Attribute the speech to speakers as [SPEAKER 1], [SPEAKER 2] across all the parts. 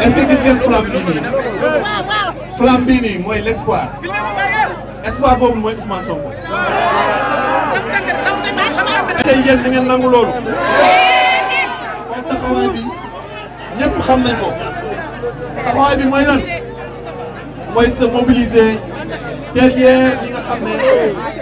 [SPEAKER 1] est-ce que gis ngeen flamme bii nii flamme bii nii mooy l'espoir espoir boobu mooy Ousmane Sonko. tey yéen da ngeen nangu loolu. kon taxawaay bi ñëpp xam nañ ko taxawaay bi mooy lan mooy se mobiliser derrière li nga xam ne.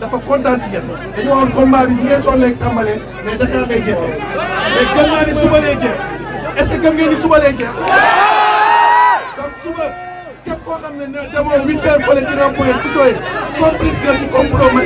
[SPEAKER 1] dafa kontaan ci yéen dañu waxoon combat bi si ngeen soxla léegi tàmbalee mais Dakar day jeexee mais gëm naa ni suba lay jeex est ce que gëm ngeen ni suba lay jeex. donc suba képp koo xam ne demoo huit heures fële ci rond-point citoyen complice nga ci complot